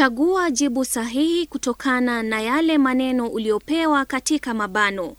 Chagua jibu sahihi kutokana na yale maneno uliopewa katika mabano.